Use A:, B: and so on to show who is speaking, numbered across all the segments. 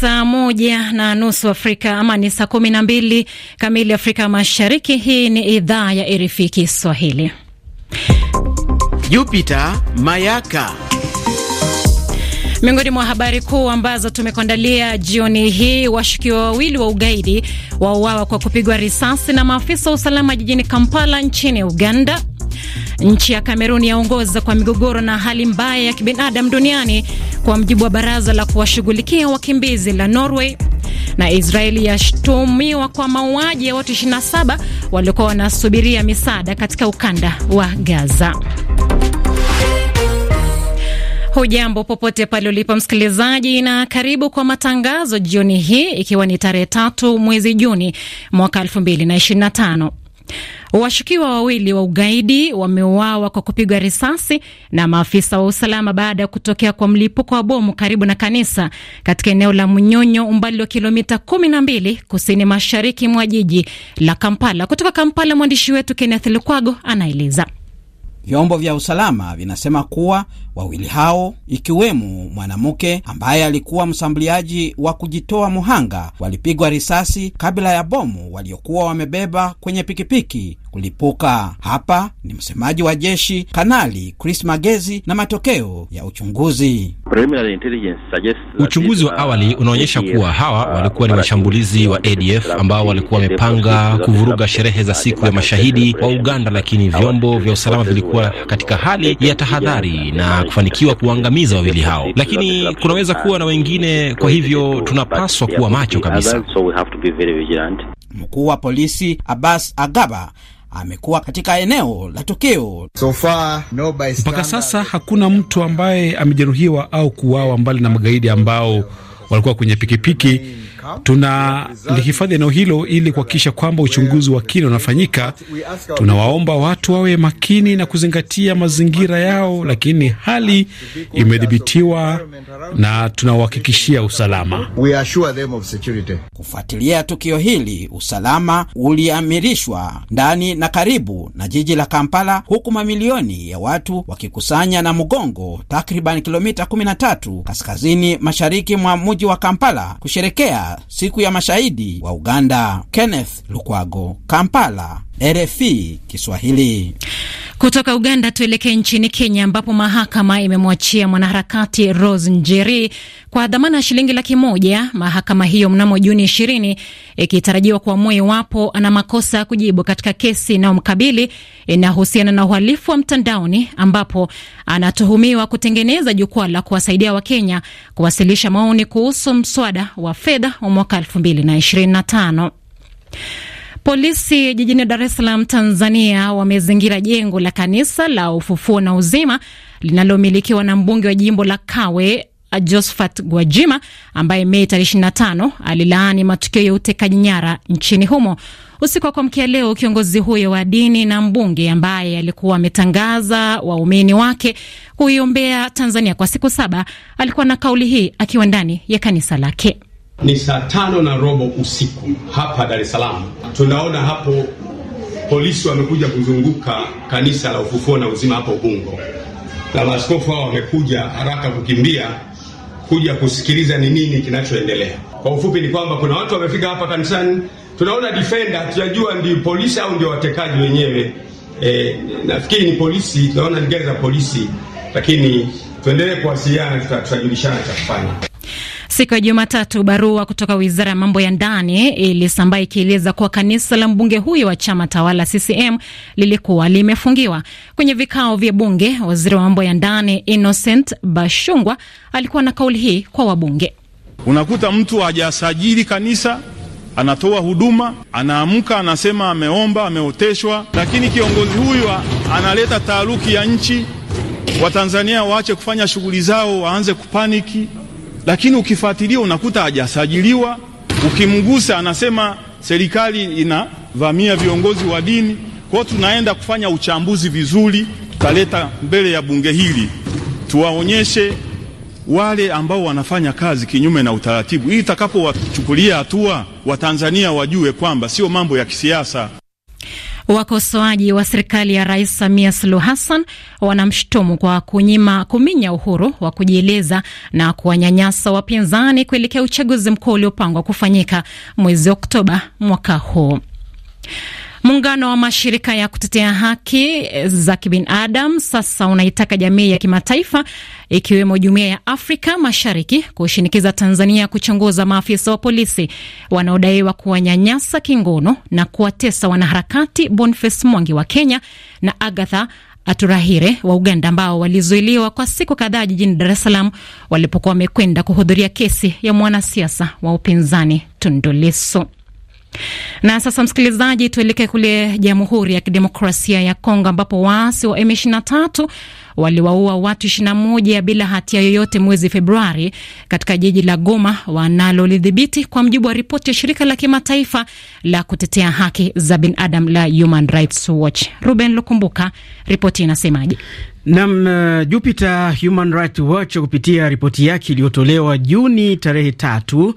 A: saa moja na nusu Afrika ama ni saa kumi na mbili kamili Afrika Mashariki. Hii ni idhaa ya RFI Kiswahili.
B: Jupiter Mayaka
A: miongoni mwa habari kuu ambazo tumekuandalia jioni hii: washukiwa wawili wa ugaidi wauawa kwa kupigwa risasi na maafisa wa usalama jijini Kampala nchini Uganda. Nchi ya Kamerun yaongoza kwa migogoro na hali mbaya ya kibinadamu duniani kwa mjibu wa baraza la kuwashughulikia wakimbizi la Norway na Israeli yashtumiwa kwa mauaji ya watu 27 waliokuwa wanasubiria misaada katika ukanda wa Gaza. Hujambo popote pale ulipo msikilizaji, na karibu kwa matangazo jioni hii, ikiwa ni tarehe tatu mwezi Juni mwaka 2025. Washukiwa wawili wa ugaidi wameuawa kwa kupigwa risasi na maafisa wa usalama baada ya kutokea kwa mlipuko wa bomu karibu na kanisa katika eneo la Munyonyo, umbali wa kilomita kumi na mbili kusini mashariki mwa jiji la Kampala. Kutoka Kampala, mwandishi wetu Kenneth Lukwago anaeleza.
C: Vyombo vya usalama vinasema kuwa wawili hao ikiwemo mwanamke ambaye alikuwa msambuliaji wa kujitoa muhanga walipigwa risasi kabla ya bomu waliokuwa wamebeba kwenye pikipiki kulipuka. Hapa ni msemaji wa jeshi Kanali Chris Magezi na matokeo ya uchunguzi. Uchunguzi wa uh, awali unaonyesha kuwa hawa
D: uh, walikuwa ni washambulizi wa ADF ambao walikuwa wamepanga kuvuruga sherehe za siku ya mashahidi wa Uganda, lakini vyombo vya usalama vilikuwa kuwa katika hali ya tahadhari na kufanikiwa kuangamiza wawili hao, lakini kunaweza kuwa na wengine, kwa hivyo tunapaswa kuwa macho kabisa.
C: Mkuu wa polisi Abbas Agaba amekuwa katika eneo la tukio. So no Mpaka sasa hakuna mtu
E: ambaye amejeruhiwa au kuuawa, mbali na magaidi ambao walikuwa kwenye pikipiki tunalihifadhi eneo hilo ili kuhakikisha kwamba uchunguzi wa kina unafanyika. Tunawaomba watu wawe makini na kuzingatia mazingira yao, lakini hali
C: imedhibitiwa na tunawahakikishia usalama.
B: Kufuatilia
C: tukio hili, usalama uliamirishwa ndani na karibu na jiji la Kampala, huku mamilioni ya watu wakikusanya na mgongo takriban kilomita 13 kaskazini mashariki mwa mji wa Kampala kusherekea siku ya mashahidi wa Uganda. Kenneth Lukwago, Kampala. RFI Kiswahili.
A: Kutoka Uganda tuelekee nchini Kenya ambapo mahakama imemwachia mwanaharakati Rose Njeri kwa dhamana ya shilingi laki moja, mahakama hiyo mnamo Juni ishirini ikitarajiwa kuamua iwapo ana makosa ya kujibu katika kesi inayomkabili inayohusiana na uhalifu wa mtandaoni ambapo anatuhumiwa kutengeneza jukwaa la kuwasaidia Wakenya kuwasilisha maoni kuhusu mswada wa fedha wa mwaka elfu mbili na ishirini na tano. Polisi jijini Dar es Salaam, Tanzania, wamezingira jengo la kanisa la Ufufuo na Uzima linalomilikiwa na mbunge wa jimbo la Kawe Josephat Gwajima ambaye Mei tarehe 25 alilaani matukio ya utekaji nyara nchini humo. Usiku wa kuamkia leo, kiongozi huyo wa dini na mbunge ambaye alikuwa ametangaza waumini wake kuiombea Tanzania kwa siku saba alikuwa na kauli hii akiwa ndani ya kanisa lake.
E: Ni saa tano na robo usiku hapa Dar es Salaam. Tunaona hapo polisi wamekuja kuzunguka kanisa la Ufufuo na Uzima hapo Ubungo, na maaskofu hao wamekuja haraka kukimbia kuja kusikiliza ni nini kinachoendelea. Kwa ufupi ni kwamba kuna watu wamefika hapa kanisani, tunaona defender, hatujajua ndio polisi au ndio watekaji wenyewe. E, nafikiri ni polisi, tunaona ni gari za polisi, lakini tuendelee kuwasiliana, tutajulishana cha kufanya.
A: Siku ya Jumatatu, barua kutoka wizara ya mambo ya ndani ilisambaa ikieleza kuwa kanisa la mbunge huyo wa chama tawala CCM lilikuwa limefungiwa kwenye vikao vya bunge. Waziri wa mambo ya ndani Innocent Bashungwa alikuwa na kauli hii kwa wabunge.
E: Unakuta mtu hajasajili kanisa, anatoa huduma, anaamka anasema ameomba, ameoteshwa, lakini kiongozi huyu analeta taaruki ya nchi. Watanzania waache kufanya shughuli zao, waanze kupaniki lakini ukifuatilia unakuta hajasajiliwa. Ukimgusa anasema serikali inavamia viongozi wa dini. Kwa hiyo tunaenda kufanya uchambuzi vizuri, tutaleta mbele ya bunge hili, tuwaonyeshe wale ambao wanafanya kazi kinyume na utaratibu, ili itakapowachukulia hatua Watanzania wajue kwamba sio mambo ya kisiasa.
A: Wakosoaji wa serikali ya Rais Samia Suluhu Hassan wanamshutumu kwa kunyima kuminya uhuru wa kujieleza na kuwanyanyasa wapinzani kuelekea uchaguzi mkuu uliopangwa kufanyika mwezi Oktoba mwaka huu. Muungano wa mashirika ya kutetea haki za kibinadamu sasa unaitaka jamii ya kimataifa ikiwemo jumuiya ya Afrika Mashariki kushinikiza Tanzania kuchunguza maafisa wa polisi wanaodaiwa kuwanyanyasa kingono na kuwatesa wanaharakati Boniface Mwangi wa Kenya na Agatha Aturahire wa Uganda ambao walizuiliwa kwa siku kadhaa jijini Dar es Salaam walipokuwa wamekwenda kuhudhuria kesi ya mwanasiasa wa upinzani Tundu Lissu. Na sasa msikilizaji, tuelekee kule Jamhuri ya Kidemokrasia ya Kongo ambapo waasi wa M23 waliwaua watu 21 bila hatia yoyote mwezi Februari katika jiji la Goma wanalolidhibiti kwa mujibu wa ripoti ya shirika la kimataifa la kutetea haki za binadamu la Human Rights Watch. Ruben Lukumbuka, ripoti inasemaje?
B: Nam uh, Jupiter, Human Rights Watch kupitia ripoti yake iliyotolewa Juni tarehe tatu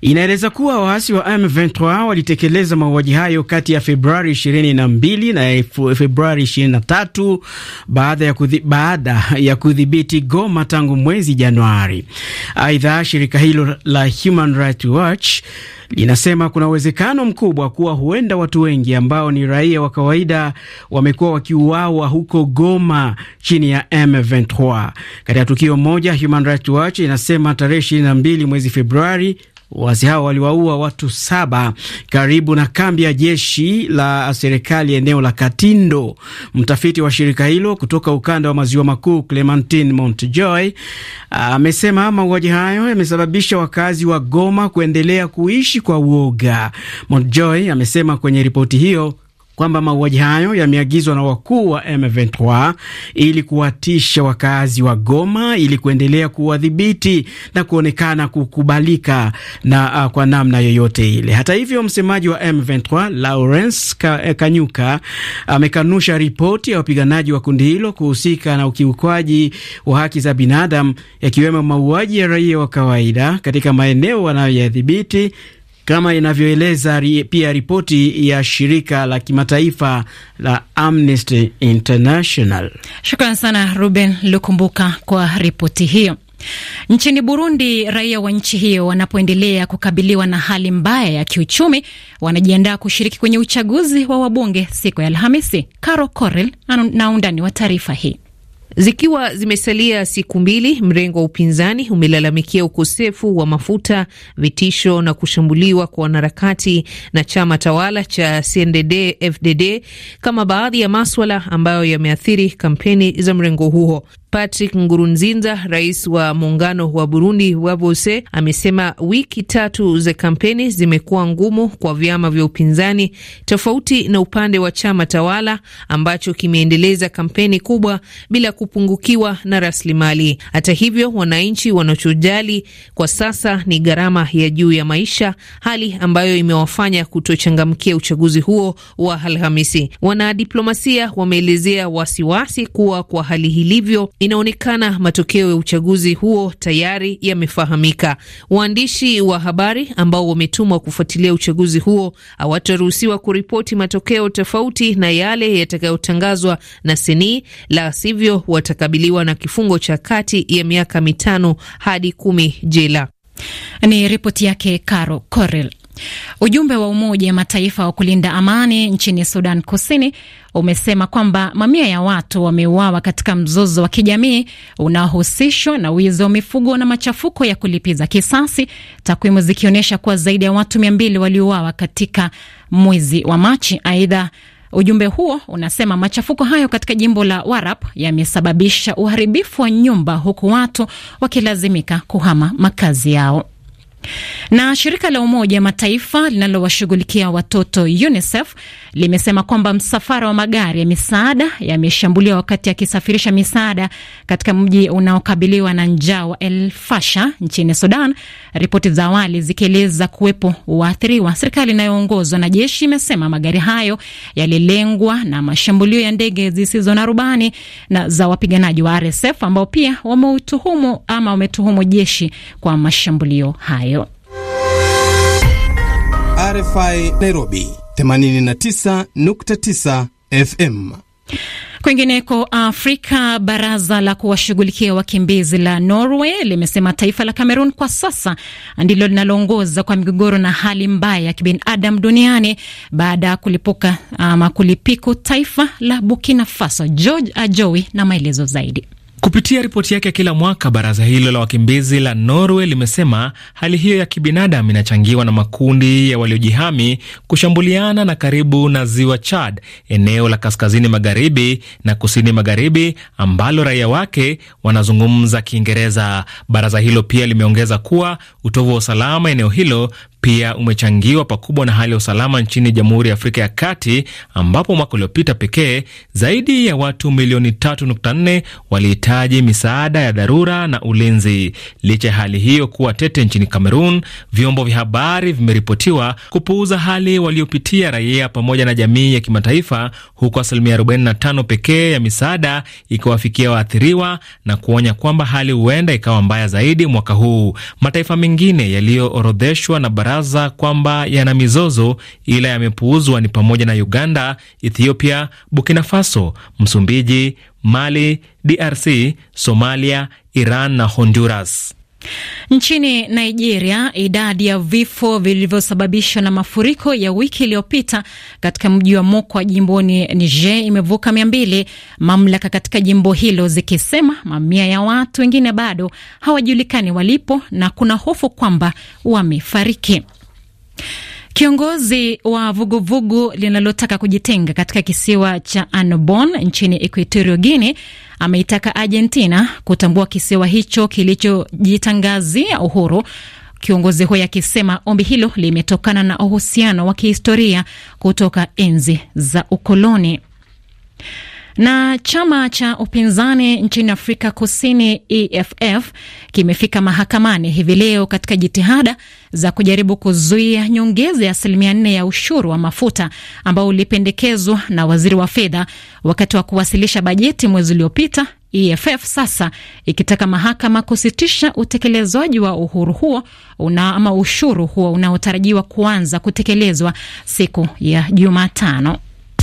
B: inaeleza kuwa waasi wa M23 walitekeleza mauaji hayo kati ya Februari 22 na Februari 23 baada ya kuthi, baada ya kudhibiti Goma tangu mwezi Januari. Aidha, shirika hilo la Human Rights Watch linasema kuna uwezekano mkubwa kuwa huenda watu wengi ambao ni raia wa kawaida wamekuwa wakiuawa huko Goma chini ya M23. Katika tukio moja, Human Rights Watch inasema tarehe 22 mwezi Februari waasi hao waliwaua watu saba karibu na kambi ya jeshi la serikali eneo la Katindo. Mtafiti wa shirika hilo kutoka ukanda wa maziwa makuu Clementine Montjoy amesema mauaji hayo yamesababisha wakazi wa Goma kuendelea kuishi kwa uoga. Montjoy amesema kwenye ripoti hiyo kwamba mauaji hayo yameagizwa na wakuu wa M23 ili kuwatisha wakazi wa Goma ili kuendelea kuwadhibiti na kuonekana kukubalika na uh, kwa namna yoyote ile. Hata hivyo, msemaji wa M23 Lawrence eh, Kanyuka amekanusha uh, ripoti ya wapiganaji wa kundi hilo kuhusika na ukiukwaji wa haki za binadamu, yakiwemo mauaji ya raia wa kawaida katika maeneo wanayoyadhibiti kama inavyoeleza pia ripoti ya shirika la kimataifa la Amnesty International.
A: Shukran sana Ruben Lukumbuka kwa ripoti hiyo. Nchini Burundi, raia wa nchi hiyo wanapoendelea kukabiliwa na hali mbaya ya kiuchumi, wanajiandaa kushiriki kwenye uchaguzi wa wabunge siku ya
F: Alhamisi. Caro Corel na undani wa taarifa hii Zikiwa zimesalia siku mbili, mrengo wa upinzani umelalamikia ukosefu wa mafuta, vitisho na kushambuliwa kwa wanaharakati na chama tawala cha CNDD-FDD kama baadhi ya maswala ambayo yameathiri kampeni za mrengo huo. Patrick Ngurunzinza, rais wa muungano wa Burundi Bose, amesema wiki tatu za kampeni zimekuwa ngumu kwa vyama vya upinzani, tofauti na upande wa chama tawala ambacho kimeendeleza kampeni kubwa bila kupungukiwa na rasilimali. Hata hivyo, wananchi wanachojali kwa sasa ni gharama ya juu ya maisha, hali ambayo imewafanya kutochangamkia uchaguzi huo wa Alhamisi. Wanadiplomasia wameelezea wasiwasi kuwa kwa hali ilivyo inaonekana matokeo ya uchaguzi huo tayari yamefahamika. Waandishi wa habari ambao wametumwa kufuatilia uchaguzi huo hawataruhusiwa kuripoti matokeo tofauti na yale yatakayotangazwa na Seni, la sivyo watakabiliwa na kifungo cha kati ya miaka mitano hadi kumi jela. Ni ripoti yake Caro
A: Corel. Ujumbe wa Umoja Mataifa wa kulinda amani nchini Sudan Kusini umesema kwamba mamia ya watu wameuawa katika mzozo wa kijamii unaohusishwa na wizi wa mifugo na machafuko ya kulipiza kisasi, takwimu zikionyesha kuwa zaidi ya watu mia mbili waliuawa katika mwezi wa Machi. Aidha, Ujumbe huo unasema machafuko hayo katika jimbo la Warap yamesababisha uharibifu wa nyumba huku watu wakilazimika kuhama makazi yao. Na shirika la Umoja Mataifa linalowashughulikia watoto UNICEF limesema kwamba msafara wa magari ya misaada yameshambuliwa wakati akisafirisha misaada katika mji unaokabiliwa na njaa wa El Fasha nchini Sudan, ripoti za awali zikieleza kuwepo waathiriwa. Serikali inayoongozwa na jeshi imesema magari hayo yalilengwa na mashambulio ya ndege zisizo na rubani na za wapiganaji wa RSF ambao pia wameutuhumu ama wametuhumu jeshi kwa mashambulio hayo.
B: RFI Nairobi 89.9 FM.
A: Kwingineko Afrika, baraza la kuwashughulikia wakimbizi la Norway limesema taifa la Cameroon kwa sasa ndilo linaloongoza kwa migogoro na hali mbaya ya kibinadamu duniani baada ya kulipuka ama kulipiku taifa la Burkina Faso. George Ajowi na maelezo zaidi.
D: Kupitia ripoti yake ya kila mwaka, baraza hilo la wakimbizi la Norway limesema hali hiyo ya kibinadamu inachangiwa na makundi ya waliojihami kushambuliana na karibu na ziwa Chad, eneo la kaskazini magharibi na kusini magharibi ambalo raia wake wanazungumza Kiingereza. Baraza hilo pia limeongeza kuwa utovu wa usalama eneo hilo pia umechangiwa pakubwa na hali ya usalama nchini Jamhuri ya Afrika ya Kati, ambapo mwaka uliopita pekee zaidi ya watu milioni 3.4 walihitaji misaada ya dharura na ulinzi. Licha ya hali hiyo kuwa tete nchini Kamerun, vyombo vya habari vimeripotiwa kupuuza hali waliopitia raia pamoja na jamii ya kimataifa, huku asilimia 45 pekee ya misaada ikiwafikia waathiriwa na kuonya kwamba hali huenda ikawa mbaya zaidi mwaka huu. Mataifa mengine yaliyoorodheshwa na baraza kwamba yana mizozo ila yamepuuzwa ni pamoja na Uganda, Ethiopia, Burkina Faso, Msumbiji, Mali, DRC, Somalia, Iran na Honduras.
A: Nchini Nigeria, idadi ya vifo vilivyosababishwa na mafuriko ya wiki iliyopita katika mji wa Mokwa jimboni Niger imevuka mia mbili, mamlaka katika jimbo hilo zikisema mamia ya watu wengine bado hawajulikani walipo na kuna hofu kwamba wamefariki. Kiongozi wa vuguvugu vugu linalotaka kujitenga katika kisiwa cha Annobon nchini Equatorio Guinea ameitaka Argentina kutambua kisiwa hicho kilichojitangazia uhuru Kiongozi huyo akisema ombi hilo limetokana na uhusiano wa kihistoria kutoka enzi za ukoloni. Na chama cha upinzani nchini Afrika Kusini EFF kimefika mahakamani hivi leo katika jitihada za kujaribu kuzuia nyongeza ya asilimia nne ya ushuru wa mafuta ambao ulipendekezwa na waziri wa fedha wakati wa kuwasilisha bajeti mwezi uliopita. EFF sasa ikitaka mahakama kusitisha utekelezwaji wa uhuru huo una, ama ushuru huo unaotarajiwa kuanza kutekelezwa siku ya Jumatano.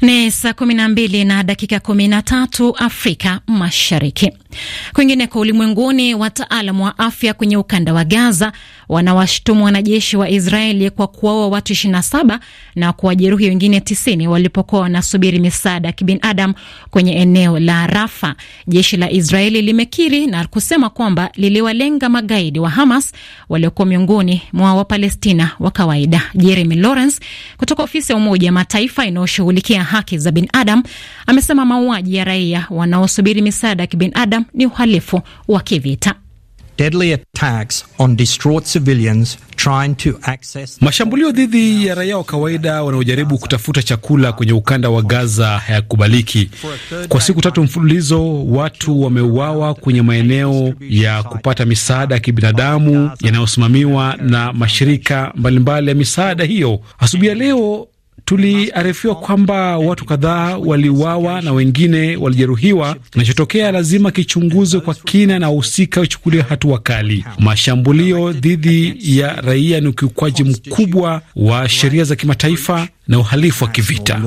A: Ni saa kumi na mbili na dakika kumi na tatu Afrika Mashariki. Kwingine kwa ulimwenguni, wataalam wa afya kwenye ukanda wa Gaza wanawashutumu wanajeshi wa Israeli kwa kuwaua watu 27 na kuwajeruhi wengine 90 walipokuwa wanasubiri misaada ya kibinadamu kwenye eneo la Rafa. Jeshi la Israeli limekiri na kusema kwamba liliwalenga magaidi wa Hamas waliokuwa miongoni mwa Wapalestina wa kawaida. Jeremy Lawrence kutoka ofisi ya Umoja wa Mataifa inayoshughulikia haki za binadamu amesema mauaji ya raia wanaosubiri misaada ya kibinadamu ni uhalifu wa kivita.
C: Deadly attacks on distraught civilians trying to access...
E: Mashambulio dhidi ya raia wa kawaida wanaojaribu kutafuta chakula kwenye ukanda wa Gaza hayakubaliki. Kwa siku tatu mfululizo, watu wameuawa kwenye maeneo ya kupata misaada ya kibinadamu yanayosimamiwa na mashirika mbalimbali ya misaada hiyo. Asubuhi ya leo Tuliarifiwa kwamba watu kadhaa waliuawa na wengine walijeruhiwa. Kinachotokea lazima kichunguzwe kwa kina na wahusika wachukuliwe hatua kali. Mashambulio dhidi ya raia ni ukiukwaji mkubwa wa sheria za kimataifa na uhalifu wa kivita.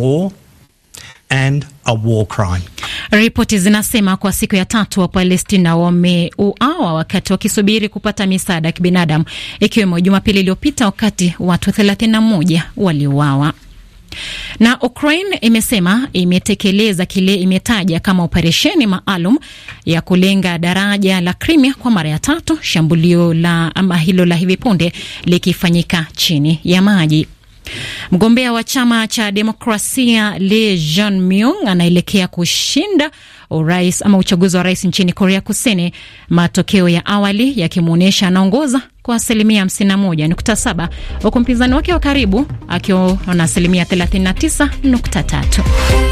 A: Ripoti zinasema kwa siku ya tatu Wapalestina wameuawa wakati wakisubiri kupata misaada ya kibinadamu, ikiwemo Jumapili iliyopita wakati watu 31 waliuawa. Na Ukraine imesema imetekeleza kile imetaja kama operesheni maalum ya kulenga daraja la Crimea kwa mara ya tatu, shambulio la ama hilo la hivi punde likifanyika chini ya maji. Mgombea wa chama cha demokrasia Lee jean myung anaelekea kushinda urais ama uchaguzi wa rais nchini Korea Kusini, matokeo ya awali yakimwonyesha anaongoza kwa asilimia 51.7 huku mpinzani wake wa karibu akiwa na asilimia 39.3.